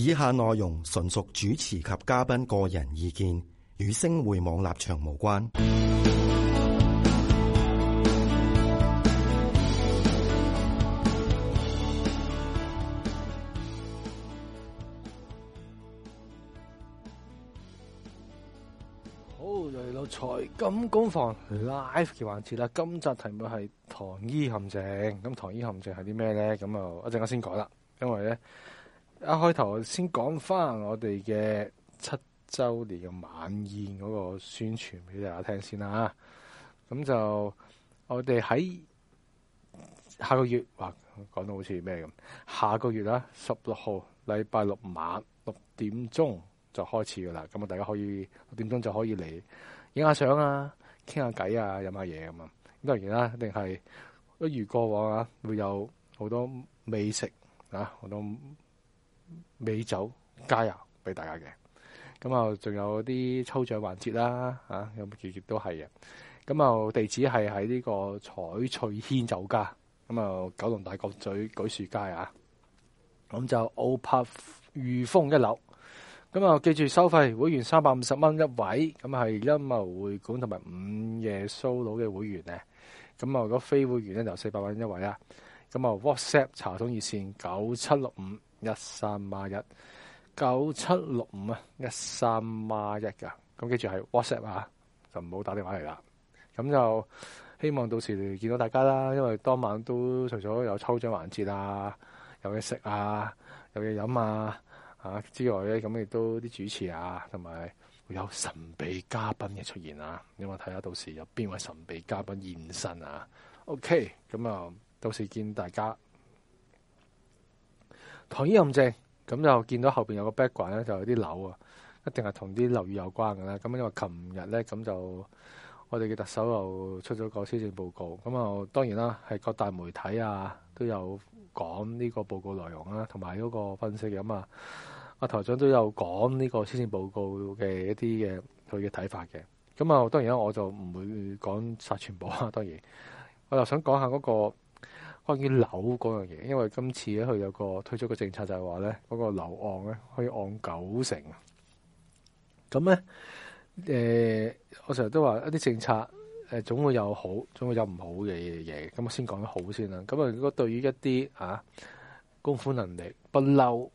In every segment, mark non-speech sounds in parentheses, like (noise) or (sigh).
以下內容純屬主持及嘉賓個人意見，與星匯網立場無關。好，又嚟到財金工房 live 嘅環節啦。今集題目係糖衣陷阱。咁糖衣陷阱係啲咩咧？咁啊，一陣間先講啦，因為咧。一開頭先講返我哋嘅七週年嘅晚宴嗰個宣傳俾大家聽先啦。咁就我哋喺下個月，嘩，講到好似咩咁下個月啦，十六號禮拜六晚六點鐘就開始㗎喇。咁啊，大家可以六點鐘就可以嚟影下相啊，傾下偈啊，飲下嘢咁啊。當然啦，一定係一如過往啊，會有好多美食啊，好多～美酒佳餚俾大家嘅咁啊，仲有啲抽獎環節啦，吓，冇乜嘢都係嘅。咁啊，地址係喺呢個彩翠軒酒家，咁啊九龍大角咀櫸樹街啊。咁就奧柏御峰一樓咁啊，記住收費會員三百五十蚊一位，咁係音樂會館同埋午夜 show 佬嘅會員呢。咁啊，如果非會員呢，就四百蚊一位啦。咁啊，WhatsApp 查通熱線九七六五。一三孖一九七六五啊！一三孖一噶，啊，咁記住係 WhatsApp 啊，就唔好打電話嚟啦。咁就希望到時見到大家啦，因為當晚都除咗有抽獎環節啊，有嘢食啊，有嘢飲啊，啊之外咧，咁亦都啲主持啊，同埋會有神秘嘉賓嘅出現啊。你望睇下，到時有邊位神秘嘉賓現身啊？OK，咁啊，到時見大家。糖衣陷阱，咁就見到後面有個 background 咧，就有、是、啲樓啊，一定係同啲樓宇有關㗎啦。咁因為琴日咧，咁就我哋嘅特首又出咗個施政報告，咁啊當然啦，係各大媒體啊都有講呢個報告內容啦，同埋嗰個分析啊嘛。阿台長都有講呢個施政報告嘅一啲嘅佢嘅睇法嘅。咁啊當然啦，我就唔會講曬全部啊。當然，我就想講下嗰、那個。關於樓嗰樣嘢，因為今次咧佢有個推出個政策就，就係話咧嗰個樓按咧可以按九成，咁咧誒，我成日都話一啲政策誒，總會有好，總會有唔好嘅嘢。咁我先講得好先啦。咁啊，如果對於一啲啊，供款能力不嬲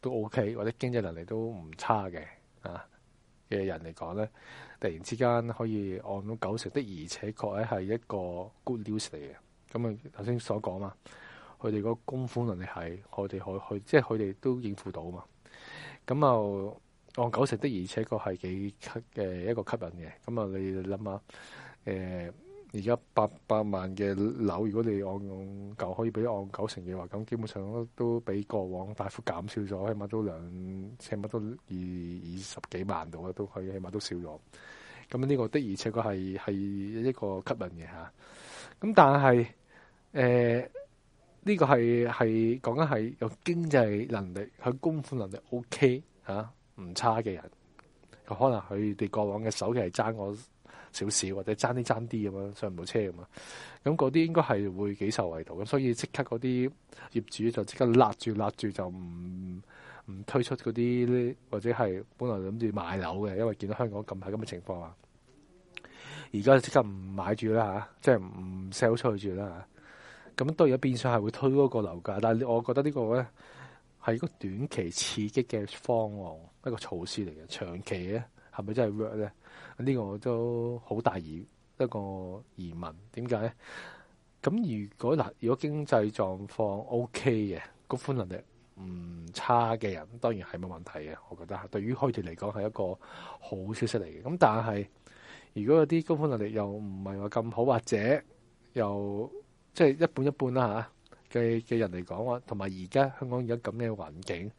都 OK，或者經濟能力都唔差嘅啊嘅人嚟講咧，突然之間可以按到九成，的而且確係一個 good news 嚟嘅。咁啊，頭先所講嘛，佢哋個供款能力係，我哋可去，即係佢哋都應付到嘛。咁啊，按九成的而且確係幾吸嘅一個吸引嘅。咁啊，你諗下，誒而家八百萬嘅樓，如果你按舊可以俾按九成嘅話，咁基本上都都比過往大幅減少咗，起碼都兩，起碼都二二十幾萬度，啊，都可以起碼都少咗。咁呢個的而且確係係一個吸引嘅嚇。咁但係。誒呢個係係講緊係有經濟能力，佢供款能力 O K 嚇，唔差嘅人。可能佢哋過往嘅首期係爭我少少，或者爭啲爭啲咁樣上唔到車咁啊。咁嗰啲應該係會幾受惠到咁，所以即刻嗰啲業主就即刻勒住勒住，住就唔唔推出嗰啲，或者係本來諗住買樓嘅，因為見到香港咁係咁嘅情況啊。而家即刻唔買住啦，即係唔 sell 出去住啦。咁都有變相係會推嗰個樓價，但係我覺得個呢個咧係一個短期刺激嘅方案，一個措施嚟嘅。長期咧係咪真係 work 咧？呢個我都好大疑一個疑問。點解咧？咁如果嗱，如果經濟狀況 OK 嘅高寬能力唔差嘅人，當然係冇問題嘅。我覺得對於開團嚟講係一個好消息嚟嘅。咁但係如果有啲高寬能力又唔係話咁好，或者又即係一半一半啦嚇嘅嘅人嚟講話同埋而家香港而家咁嘅環境，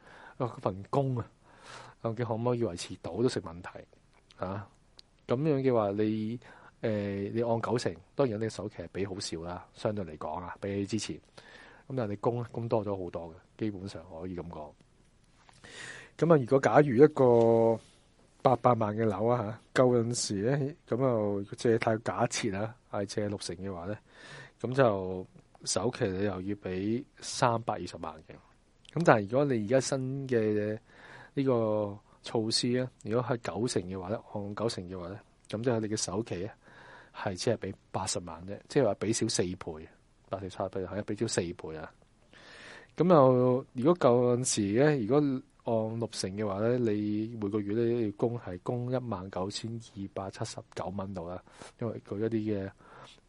份工啊究竟可唔可以維持到都成問題啊，咁樣嘅話，你、呃、你按九成，當然你首期係比好少啦，相對嚟講啊，比起之前咁，但係你供供多咗好多嘅，基本上可以咁講。咁啊，如果假如一個八百萬嘅樓啊嚇，舊陣時咧咁即借太假設啊，係借六成嘅話咧。咁就首期你又要俾三百二十萬嘅，咁但係如果你而家新嘅呢個措施咧，如果係九成嘅話咧，按九成嘅話咧，咁即係你嘅首期咧係只係俾八十萬啫，即係話俾少四倍，八十萬係俾少四倍啊。咁又如果舊陣時咧，如果按六成嘅話咧，你每個月咧要供係供一萬九千二百七十九蚊度啦，因為佢一啲嘅，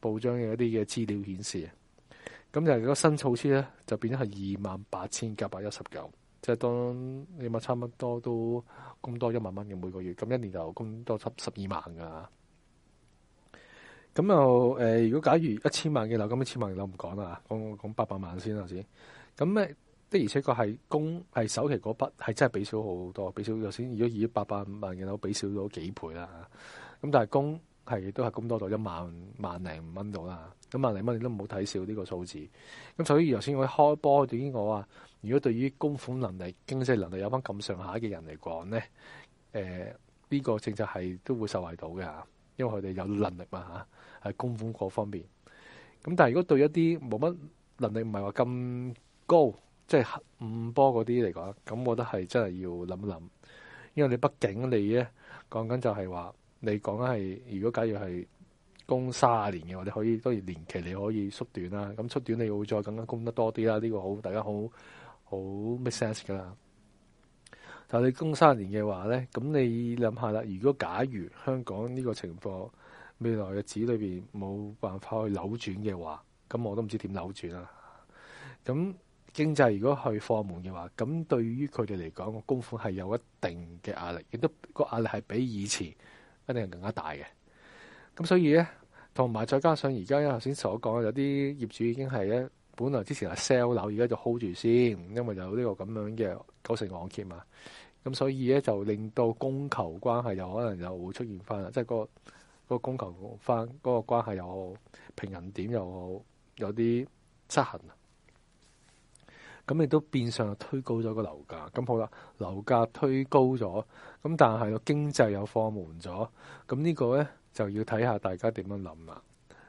報章嘅一啲嘅資料顯示，咁就係個新措施咧，就變咗係二萬八千九百一十九，即係當你咪差唔多都供多一萬蚊嘅每個月，咁一年就供多七十二萬噶。咁又誒、呃，如果假如一千萬嘅樓，咁一千萬嘅樓唔講啦吓，講講八百萬先頭先。咁咧的而且確係供係首期嗰筆係真係俾少好多，俾少咗先。如果以八百五萬嘅樓俾少咗幾倍啦，咁但係供。係都係咁多到一萬萬零蚊度啦，咁萬零蚊你都唔好睇少呢個數字。咁所以頭先我開波點講啊？如果對於供款能力、經濟能力有返咁上下嘅人嚟講咧，誒、呃、呢、這個政策係都會受惠到㗎，因為佢哋有能力嘛嚇，喺供款嗰方面。咁但係如果對一啲冇乜能力唔係話咁高，即、就、係、是、五波嗰啲嚟講，咁我覺得係真係要諗一諗，因為你畢竟你咧講緊就係話。你講緊係，如果假如係供三十年嘅話，我你可以當然年期你可以縮短啦。咁縮短你會再更加供得多啲啦。呢、呢個好，大家好好 make sense 噶啦。但係你供三十年嘅話咧，咁你諗下啦。如果假如香港呢個情況未來嘅子裏邊冇辦法去扭轉嘅話，咁我都唔知點扭轉啦。咁經濟如果去放門嘅話，咁對於佢哋嚟講，個供款係有一定嘅壓力，亦都個壓力係比以前。肯定更加大嘅，咁所以咧，同埋再加上而家咧，頭先所講有啲業主已經係咧本來之前係 sell 樓，而家就 hold 住先，因為有呢個咁樣嘅九成網劫嘛，咁所以咧就令到供求關係又可能又會出現翻啦，即、就、係、是那個、那個供求翻嗰關係又好，平衡點又有啲失衡。咁亦都變相推高咗個樓價。咁好啦，樓價推高咗，咁但係個經濟又放緩咗。咁呢個咧就要睇下大家點樣諗啦。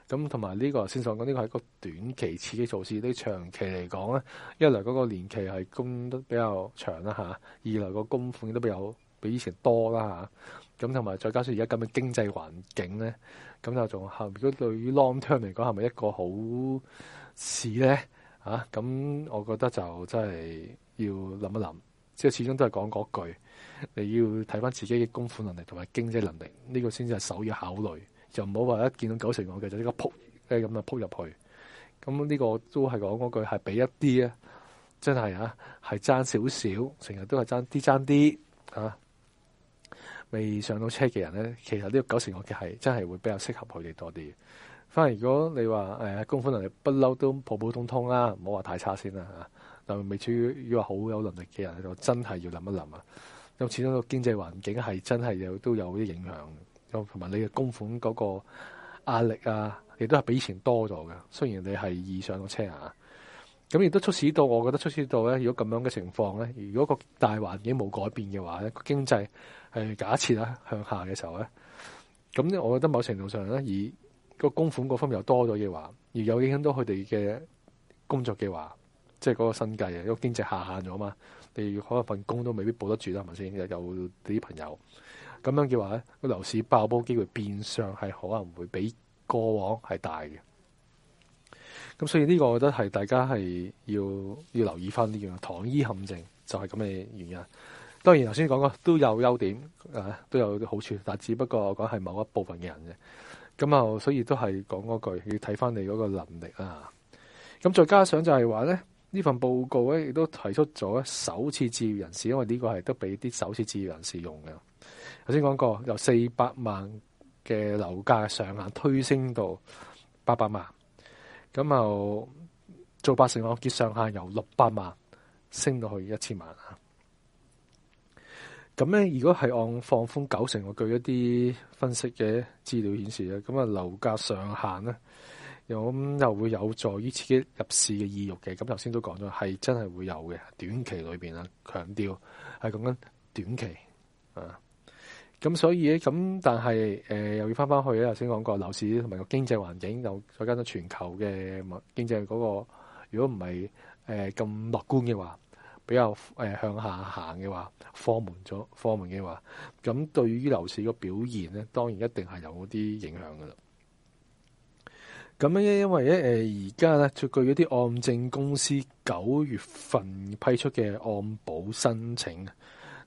咁同埋呢個先講，呢個係一個短期刺激措施。你長期嚟講咧，一來嗰個年期係供得比較長啦嚇，二來個供款都比較比以前多啦嚇。咁同埋再加上而家咁嘅經濟環境咧，咁就仲後邊都對於 long term 嚟講係咪一個好事咧？啊，咁我覺得就真係要諗一諗，即係始終都係講嗰句，你要睇返自己嘅供款能力同埋經濟能力，呢、這個先至係首要考慮。就唔好話一見到九成五嘅就呢個撲，即係咁就撲入去。咁呢個都係講嗰句，係俾一啲啊，真係啊，係爭少少，成日都係爭啲爭啲啊，未上到車嘅人咧，其實呢個九成五嘅係真係會比較適合佢哋多啲。如果你話誒，供款能力不嬲都普普通通啦，唔好話太差先啦嚇。但係未至於要話好有能力嘅人就真係要諗一諗啊。咁始終個經濟環境係真係有都有啲影響，同埋你嘅供款嗰個壓力啊，亦都係比以前多咗㗎。雖然你係易上個車啊，咁亦都促使到我覺得促使到咧。如果咁樣嘅情況咧，如果個大環境冇改變嘅話咧，個經濟係假設咧向下嘅時候咧，咁咧，我覺得某程度上咧以。個供款嗰方面又多咗嘅話，而有影響到佢哋嘅工作嘅話，即係嗰個生計啊，因經濟下限咗嘛，你可能份工都未必保得住啦，係咪先？有啲朋友咁樣嘅話咧，個樓市爆煲機會變相係可能會比過往係大嘅。咁所以呢個，我覺得係大家係要要留意翻呢樣，糖衣陷阱就係咁嘅原因。當然，頭先講過都有優點，誒、啊、都有好處，但係只不過我講係某一部分嘅人嘅。咁啊，所以都係講嗰句，要睇返你嗰個能力啊。咁再加上就係話咧，呢份報告咧亦都提出咗首次置業人士，因為呢個係都俾啲首次置業人士用嘅。頭先講過，由四百萬嘅樓價上限推升到八百萬，咁就做八成按揭上限由六百萬升到去一千萬。咁咧，如果係按放寬九成，我據一啲分析嘅資料顯示咧，咁啊樓價上限咧，咁又會有助於刺激入市嘅意欲嘅。咁頭先都講咗，係真係會有嘅。短期裏面啊，強調係咁樣，短期啊。咁所以咧，咁但係誒、呃，又要翻翻去咧。頭先講過，樓市同埋個經濟環境，又再加咗全球嘅經濟嗰、那個，如果唔係咁樂觀嘅話。比較、呃、向下行嘅話，放緩咗放緩嘅話，咁對於樓市嘅表現呢，當然一定係有啲影響噶啦。咁咧，因為咧而家咧，據一啲按證公司九月份批出嘅按保申請，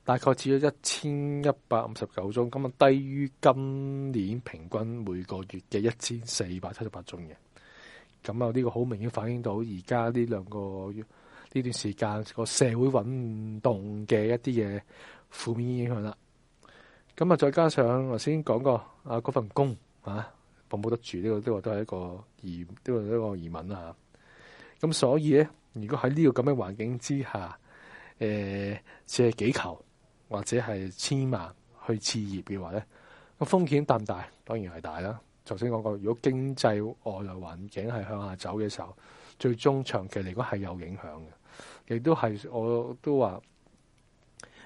大概只有一千一百五十九宗，咁啊，低於今年平均每個月嘅一千四百七十八宗嘅。咁啊，呢個好明顯反映到而家呢兩個。呢段時間個社會運動嘅一啲嘢負面影響啦。咁啊，再加上頭先講過啊，嗰份工啊，保唔保得住呢、這個這個都話都係一個疑都一個疑問啊。咁所以咧，如果喺呢、這個咁嘅環境之下，只、呃、借幾球或者係千萬去置業嘅話咧，個風險大唔大？當然係大啦。頭先講過，如果經濟外來環境係向下走嘅時候，最終長期嚟講係有影響嘅。亦都係，我都話，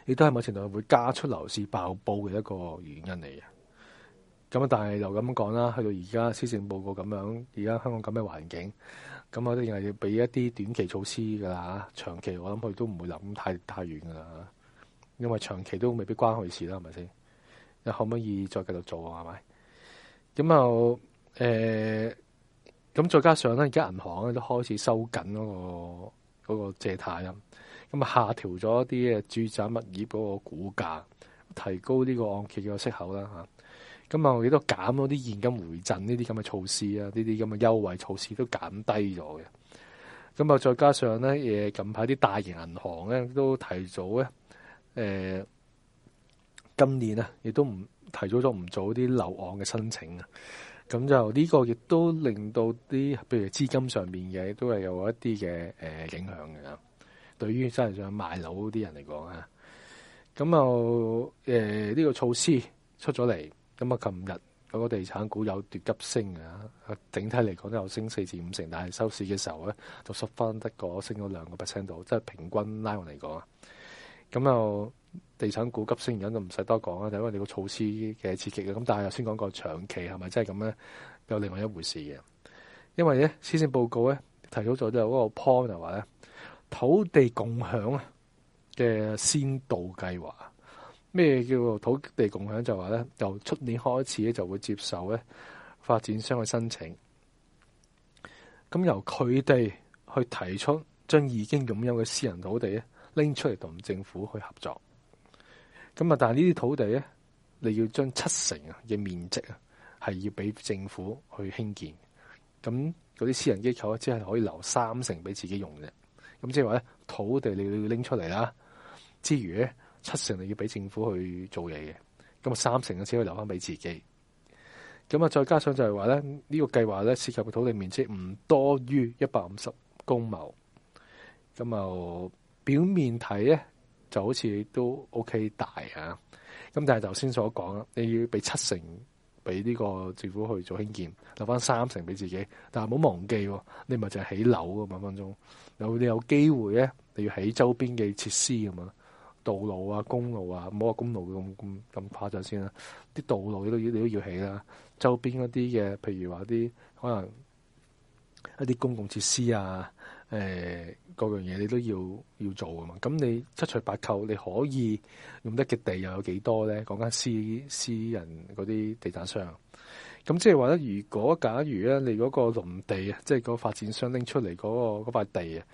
亦都係某程度會加出樓市爆煲嘅一個原因嚟嘅。咁啊，但係又咁講啦，去到而家施政報告咁樣，而家香港咁嘅環境，咁我都認為要俾一啲短期措施㗎啦。長期我諗佢都唔會諗太太遠㗎啦，因為長期都未必關佢事啦，係咪先？又可唔可以再繼續做啊？係咪？咁啊，誒、呃，咁再加上咧，而家銀行咧都開始收緊嗰、嗰個，嗰個借貸啊，咁啊下調咗一啲嘅住宅物業嗰個估價，提高呢個按揭嘅息口啦吓，咁啊亦都減咗啲現金回贈呢啲咁嘅措施啊，呢啲咁嘅優惠措施都減低咗嘅，咁啊再加上咧嘢近排啲大型銀行咧都提早咧、呃，今年啊亦都唔提早咗唔做啲留案嘅申請啊。咁就呢個亦都令到啲，譬如資金上面嘅都係有一啲嘅誒影響嘅。對於真係想買樓啲人嚟講啊，咁又誒呢個措施出咗嚟，咁啊琴日嗰個地產股有跌急升㗎。整體嚟講都有升四至五成，但係收市嘅時候咧就縮翻得個升咗兩個 percent 度，即係平均拉我嚟講啊，咁又。地產股急升，原因都唔使多講啊。就因為你個措施嘅刺激嘅，咁但係又先講個長期係咪真係咁咧？有另外一回事嘅，因為咧，施政報告咧，提到咗就嗰個 point 就話咧，土地共享嘅先導計劃，咩叫做土地共享呢？就話咧由出年開始咧就會接受咧發展商嘅申請，咁由佢哋去提出將已經擁有嘅私人土地咧拎出嚟同政府去合作。咁啊！但係呢啲土地咧，你要將七成啊嘅面積啊，係要俾政府去興建。咁嗰啲私人機構只係可以留三成俾自己用嘅。咁即係話咧，土地你要拎出嚟啦，之餘咧七成就要俾政府去做嘢嘅。咁啊，三成嘅只可以留翻俾自己。咁啊，再加上就係話咧，這個、計劃，呢個計劃咧涉及嘅土地面積唔多於一百五十公畝。咁啊，表面睇咧。就好似都 OK 大啊，咁但係頭先所講啦，你要俾七成俾呢個政府去做興建，留翻三成俾自己。但係唔好忘記，你咪就係起樓咁分分鐘。有你有機會咧，你要起周邊嘅設施咁樣，道路啊、公路啊，唔好話公路咁咁咁誇張先啦。啲道路你都你都要起啦，周邊嗰啲嘅，譬如話啲可能一啲公共設施啊。誒，各、欸、樣嘢你都要要做噶嘛？咁你七除八扣，你可以用得嘅地又有幾多咧？講緊私私人嗰啲地產商，咁即係話咧，如果假如咧，你嗰個農地啊，即係個發展商拎出嚟嗰、嗰個嗰塊地啊，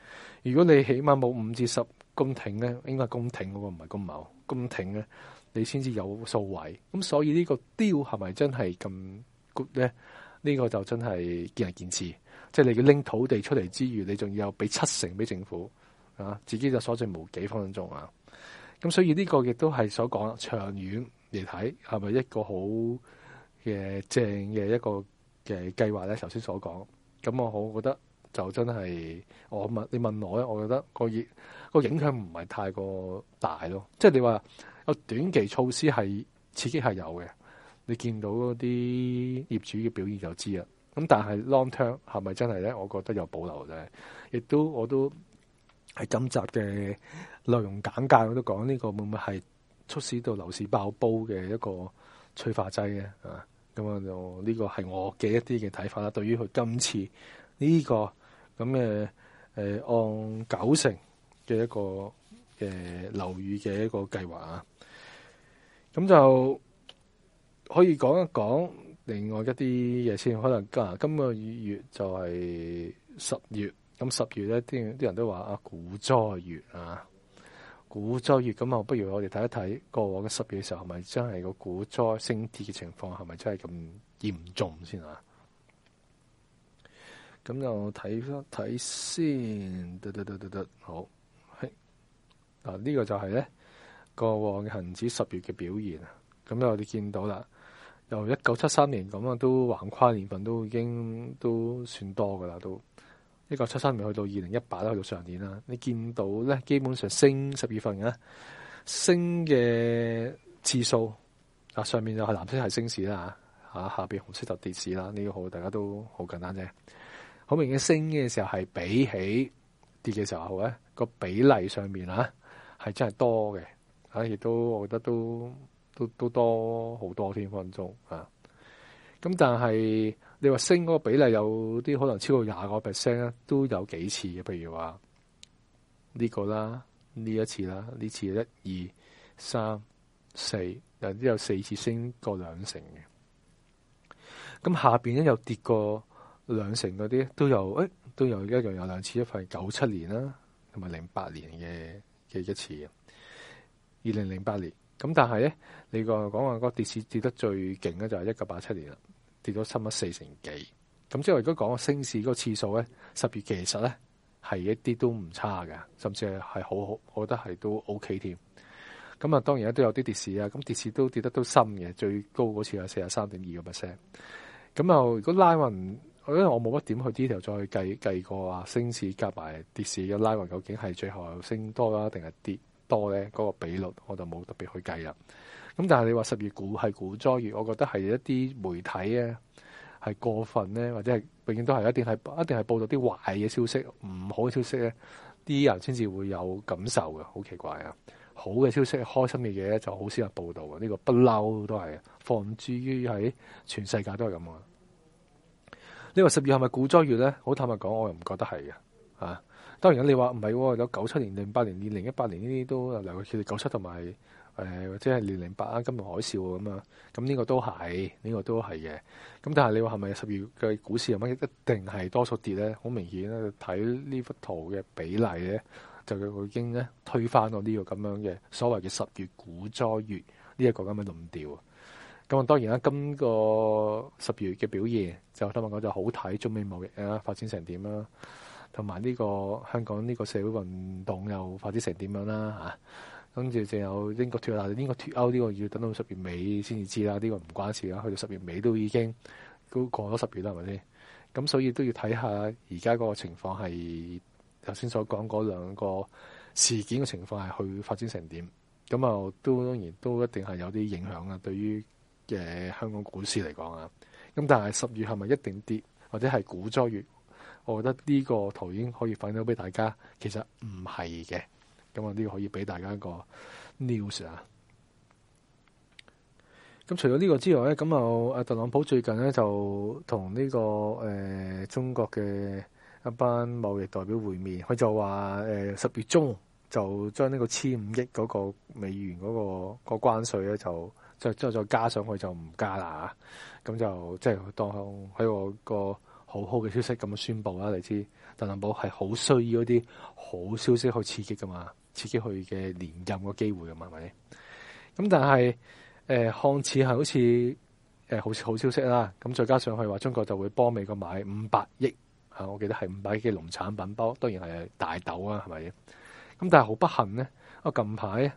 如果你起碼冇五至十公頃咧，應該係公頃嗰、嗰個唔係公頃，公頃咧，你先至有數位。咁所以個是是呢個雕係咪真係咁 good 咧？呢、呢個就真係見仁見智。即係你要拎土地出嚟之餘，你仲要有俾七成俾政府啊，自己就所剩無幾。分分鐘啊，咁所以呢個亦都係所講長遠嚟睇，係咪一個好嘅正嘅一個嘅計劃咧？頭先所講，咁我好覺得就真係我問你問我咧，我覺得個影個影響唔係太過大咯。即係你話個短期措施係刺激係有嘅，你見到嗰啲業主嘅表現就知啦。咁但係 long term 係咪真係咧？我覺得有保留啫。亦都我都喺今集嘅內容簡介我都講呢、會唔會係促使到樓市爆煲嘅一個催化劑嘅啊。咁啊就呢個係我嘅一啲嘅睇法啦。對於佢今次呢、這個咁嘅誒按九成嘅一個誒樓宇嘅一個計劃啊，咁、嗯、 (noise) 就可以講一講。另外一啲嘢先，可能今今個月就係十月，咁十月咧，啲啲人都話啊，股災月啊，股災月，咁啊，不如我哋睇一睇過往嘅十月嘅時候，係咪真係個股災升跌嘅情況，係咪真係咁嚴重看看先啊？咁就睇翻睇先，得得得得得，好，嗱呢、啊呢個就係咧過往嘅恆指十月嘅表現，咁我哋見到啦。由一九七三年咁啊，都橫跨年份都已經都算多噶啦，都一九七三年去到 2018, 到去到二零一八都去到上年啦。你見到咧，基本上升十二份嘅升嘅次數啊，上面就係藍色係升市啦，吓、啊、下邊紅色就跌市啦。呢、這個好大家都好簡單啫。好明顯升嘅時候係比起跌嘅時候咧、那個比例上面吓係、啊、真係多嘅，吓、啊、亦都我覺得都。都多好多天分鐘啊！咁但係你話升嗰個比例有啲可能超過廿個 percent 咧，都有幾次嘅。譬如話呢個啦，呢一次啦，呢次一、二、三、四，有啲有四次升過兩成嘅。咁、啊、下邊咧又跌過兩成嗰啲都有，誒、哎，都有一樣有兩次，一份九七年啦，同埋零八年嘅嘅一次啊，二零零八年。咁但係咧，你個講話個跌市跌得最勁咧，就係一九八七年啦，跌咗差唔多四成幾。咁即係如果講個升市嗰個次數咧，十月其實咧係一啲都唔差嘅，甚至係係好好，我覺得係都 OK 添。咁啊，當然咧都有啲跌市啊，咁跌市都跌得都深嘅，最高嗰次係四十三點二個 percent。咁啊，如果拉運，因為我冇乜點去 detail 再去計計過話，升市夾埋跌市嘅拉運，究竟係最後升多啦定係跌？多呢嗰個比率，我就冇特別去計啦。咁但係你話十月股係股災月，我覺得係一啲媒體呢係過分咧，或者係，畢竟都係一定係一定係報道啲壞嘅消息，唔好嘅消息咧，啲人先至會有感受嘅，好奇怪啊！好嘅消息，開心嘅嘢，就好少人報道啊！呢個不嬲都係，放諸於喺全世界都係咁啊！呢個十月係咪股災月咧？好坦白講，我又唔覺得係嘅啊。當然啦，你話唔係喎，有九七年、零八年、二零一八年呢啲都，例如佢哋九七同埋誒，或者係零零八啊，金融海嘯咁啊，咁呢個都係，呢個都係嘅。咁但係你話係咪十月嘅股市有乜一定係多數跌咧？好明顯咧，睇呢幅圖嘅比例咧，就佢已經咧推翻我呢個咁樣嘅所謂嘅十月股災月呢一個咁樣就唔掉咁啊，當然啦，今個十月嘅表現就聽聞講就好睇，中美貿易啊，發展成點啦？同埋呢個香港呢個社會運動又發展成點樣啦嚇？跟住仲有英國脫歐英國脫歐個脫歐呢個要等到十月尾先至知啦，呢個唔關事啦，去到十月尾都已經都過咗十月啦，係咪先？咁所以都要睇下而家嗰個情況係頭先所講嗰兩個事件嘅情況係去發展成點？咁啊都當然都一定係有啲影響啊，對於嘅香港股市嚟講啊。咁但係十月係咪一定跌或者係股災月？我覺得呢個圖已經可以分享俾大家，其實唔係嘅，咁啊呢個可以俾大家一個 news 啊。咁除咗呢個之外咧，咁啊阿特朗普最近咧就同呢、這個誒、呃、中國嘅一班貿易代表會面，佢就話誒十月中就將呢個千五億嗰個美元嗰、那個、那個關稅咧就再再再加上去就唔加啦嚇，咁就即係、就是、當喺我、那個。那個好好嘅消息咁樣宣布啦，你知特朗普係好需要嗰啲好消息去刺激噶嘛，刺激佢嘅連任個機會噶嘛，係咪？咁但係誒、呃，看似係好似誒、呃、好似好消息啦，咁再加上佢話中國就會幫美國買五百億吓，我記得係五百億嘅農產品包，當然係大豆啊，係咪？咁但係好不幸呢，我近排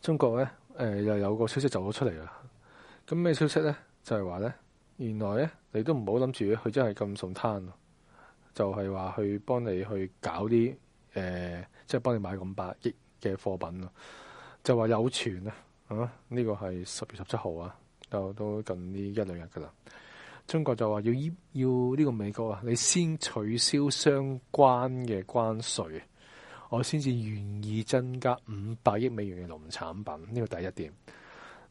中國咧誒又有個消息走咗出嚟啦，咁咩消息咧？就係話咧。原來咧，你都唔好諗住佢真係咁送攤就係、是、話去幫你去搞啲誒，即係幫你買五百億嘅貨品就話有傳啊，呢個係十月十七號啊，就啊啊、這個、啊啊都近呢一兩日噶啦。中國就話要要呢個美國啊，你先取消相關嘅關稅，我先至願意增加五百億美元嘅農產品。呢、這個第一點，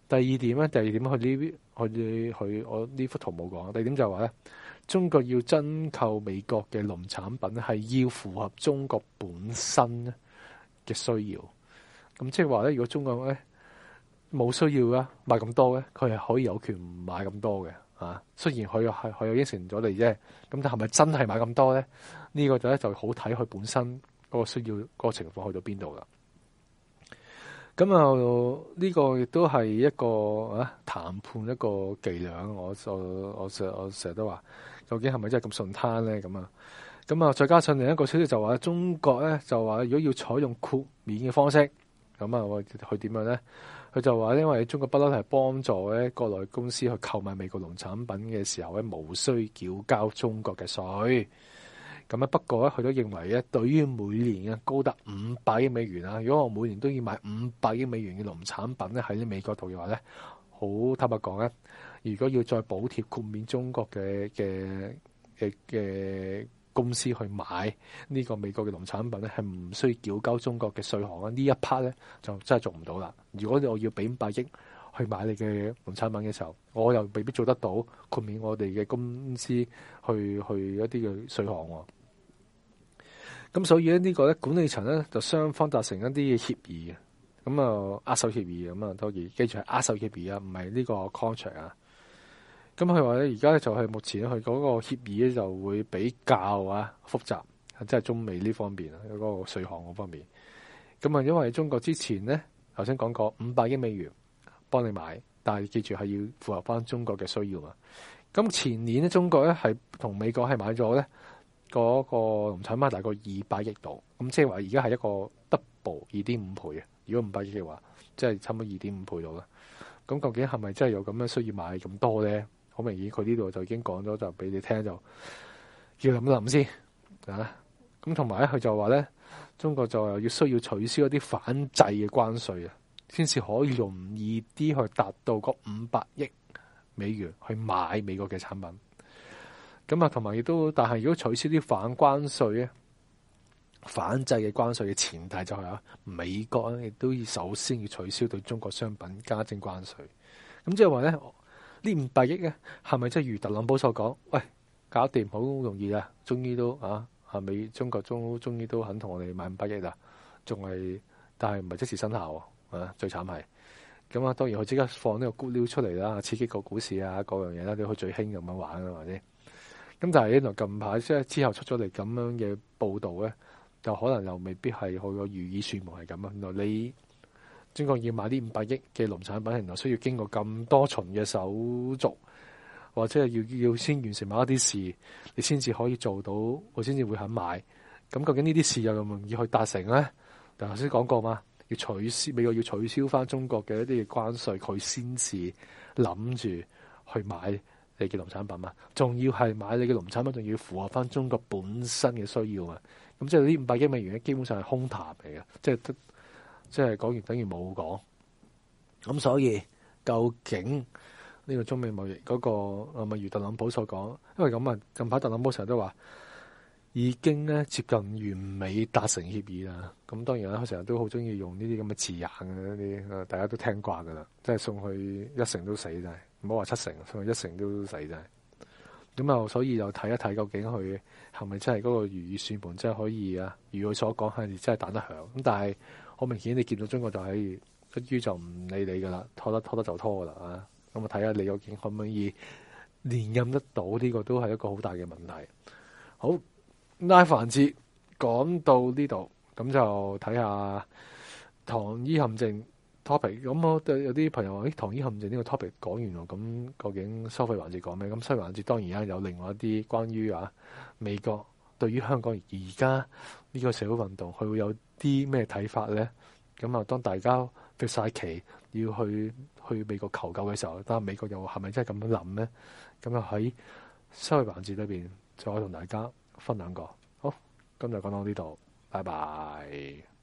第二點咧、啊，第二點去、啊、呢我佢我呢幅圖冇講，第二點就係話咧，中國要增購美國嘅農產品係要符合中國本身嘅需要。咁即係話咧，如果中國咧冇需要嘅，買咁多嘅，佢係可以有權唔買咁多嘅。啊，雖然佢係佢又應承咗嚟啫，咁但係咪真係買咁多咧？呢、這個就咧就好睇佢本身嗰個需要嗰、那個情況去到邊度啦。咁、這個、啊，呢個亦都係一個啊談判一個伎倆，我我我成我成日都話，究竟係咪真係咁順攤咧？咁啊，咁啊，再加上另一個消息就話中國咧就話如果要採用豁免嘅方式，咁啊，佢點樣咧？佢就話因為中國不嬲係幫助咧國內公司去購買美國農產品嘅時候咧，無需繳交中國嘅稅。咁不過咧，佢都認為咧，對於每年高達五百億美元啊，如果我每年都要買五百億美元嘅農產品咧，喺啲美國度嘅話咧，好坦白講咧，如果要再補貼豁免中國嘅嘅嘅嘅公司去買呢個美國嘅農產品咧，係唔需要繳交中國嘅稅項啊，呢一 part 咧就真係做唔到啦。如果你我要俾五百億。去買你嘅農產品嘅時候，我又未必做得到，豁免我哋嘅公司去去一啲嘅稅項喎、啊。咁所以咧，呢個咧管理層咧就雙方達成一啲嘅協議咁啊，握手協議咁啊，當然跟住係握手協議啊，唔係呢個 contract 啊。咁佢話咧，而家咧就係目前去佢嗰個協議咧就會比較啊複雜，即、就、係、是、中美呢方面啊嗰個稅項嗰方面。咁、那、啊、個，因為中國之前咧頭先講過五百億美元。幫你買，但係記住係要符合翻中國嘅需要啊。咁前年咧，中國咧係同美國係買咗咧農產品，大概二百億度。咁即係話而家係一個 double，二點五倍啊。如果五百億嘅話，即係差唔多二點五倍到啦。咁究竟係咪真係有咁樣需要買咁多咧？好明顯，佢呢度就已經講咗就俾你聽，就要諗一諗先啊。咁同埋咧，佢就話咧，中國就又要需要取消一啲反制嘅關稅啊。先至可以容易啲去達到嗰五百億美元去買美國嘅產品。咁啊，同埋亦都，但係如果取消啲反關稅咧，反制嘅關稅嘅前提就係啊，美國呢亦都要首先要取消對中國商品加徵關稅。咁即係話咧，呢五百億咧係咪即係如特朗普所講？喂，搞掂好容易啊！終於都啊，係咪中國中終於都肯同我哋買五百億啦，仲係但係唔係即時生效，啊。啊，最慘係，咁啊，當然佢即刻放呢個 good 料出嚟啦，刺激個股市啊，各樣嘢啦，你以最輕咁樣玩嘅話啫。咁但係呢度近排即係之後出咗嚟咁樣嘅報道咧，就可能又未必係佢個如意算盤係咁啊。原來你中國要買啲五百億嘅農產品，原來需要經過咁多重嘅手續，或者係要要先完成某一啲事，你先至可以做到，我先至會肯買。咁究竟呢啲事又容唔容易去達成咧？但頭先講過嘛。要取消美國要取消翻中國嘅一啲關稅，佢先至諗住去買你嘅農產品嘛？仲要係買你嘅農產品，仲要,要符合翻中國本身嘅需要嘛？咁即係呢五百億美元咧，基本上係空談嚟嘅，即係即係講完等於冇講。咁所以究竟呢個中美貿易嗰、嗰個啊，如特朗普所講，因為咁啊，近排特朗普成日都話。已經咧接近完美達成協議啦，咁當然啦，佢成日都好中意用呢啲咁嘅字眼嘅呢啲，大家都聽慣噶啦，即係送去一成都死真係，唔好話七成，送去一成都死真係。咁啊，所以又睇一睇究竟佢係咪真係嗰個如意算盤真係可以啊？如佢所講係真係打得響，咁但係好明顯你見到中國就係一於就唔理你噶啦，拖得拖得就拖噶啦啊！咁啊睇下你究竟可唔可以連任得到，呢個都係一個好大嘅問題。好。live 環節講到呢度咁就睇下糖衣陷阱 topic。咁我對有啲朋友話，誒、欸、糖衣陷阱呢個 topic 講完咯。咁究竟收費環節講咩？咁收費環節當然、啊、有另外一啲關於啊美國對於香港而家呢個社會運動，佢會有啲咩睇法咧？咁啊，當大家嘅曬旗要去去美國求救嘅時候，但美國又係咪真係咁樣諗咧？咁就喺收費環節裏面，再同大家。分兩個，好，今日講到呢度，拜拜。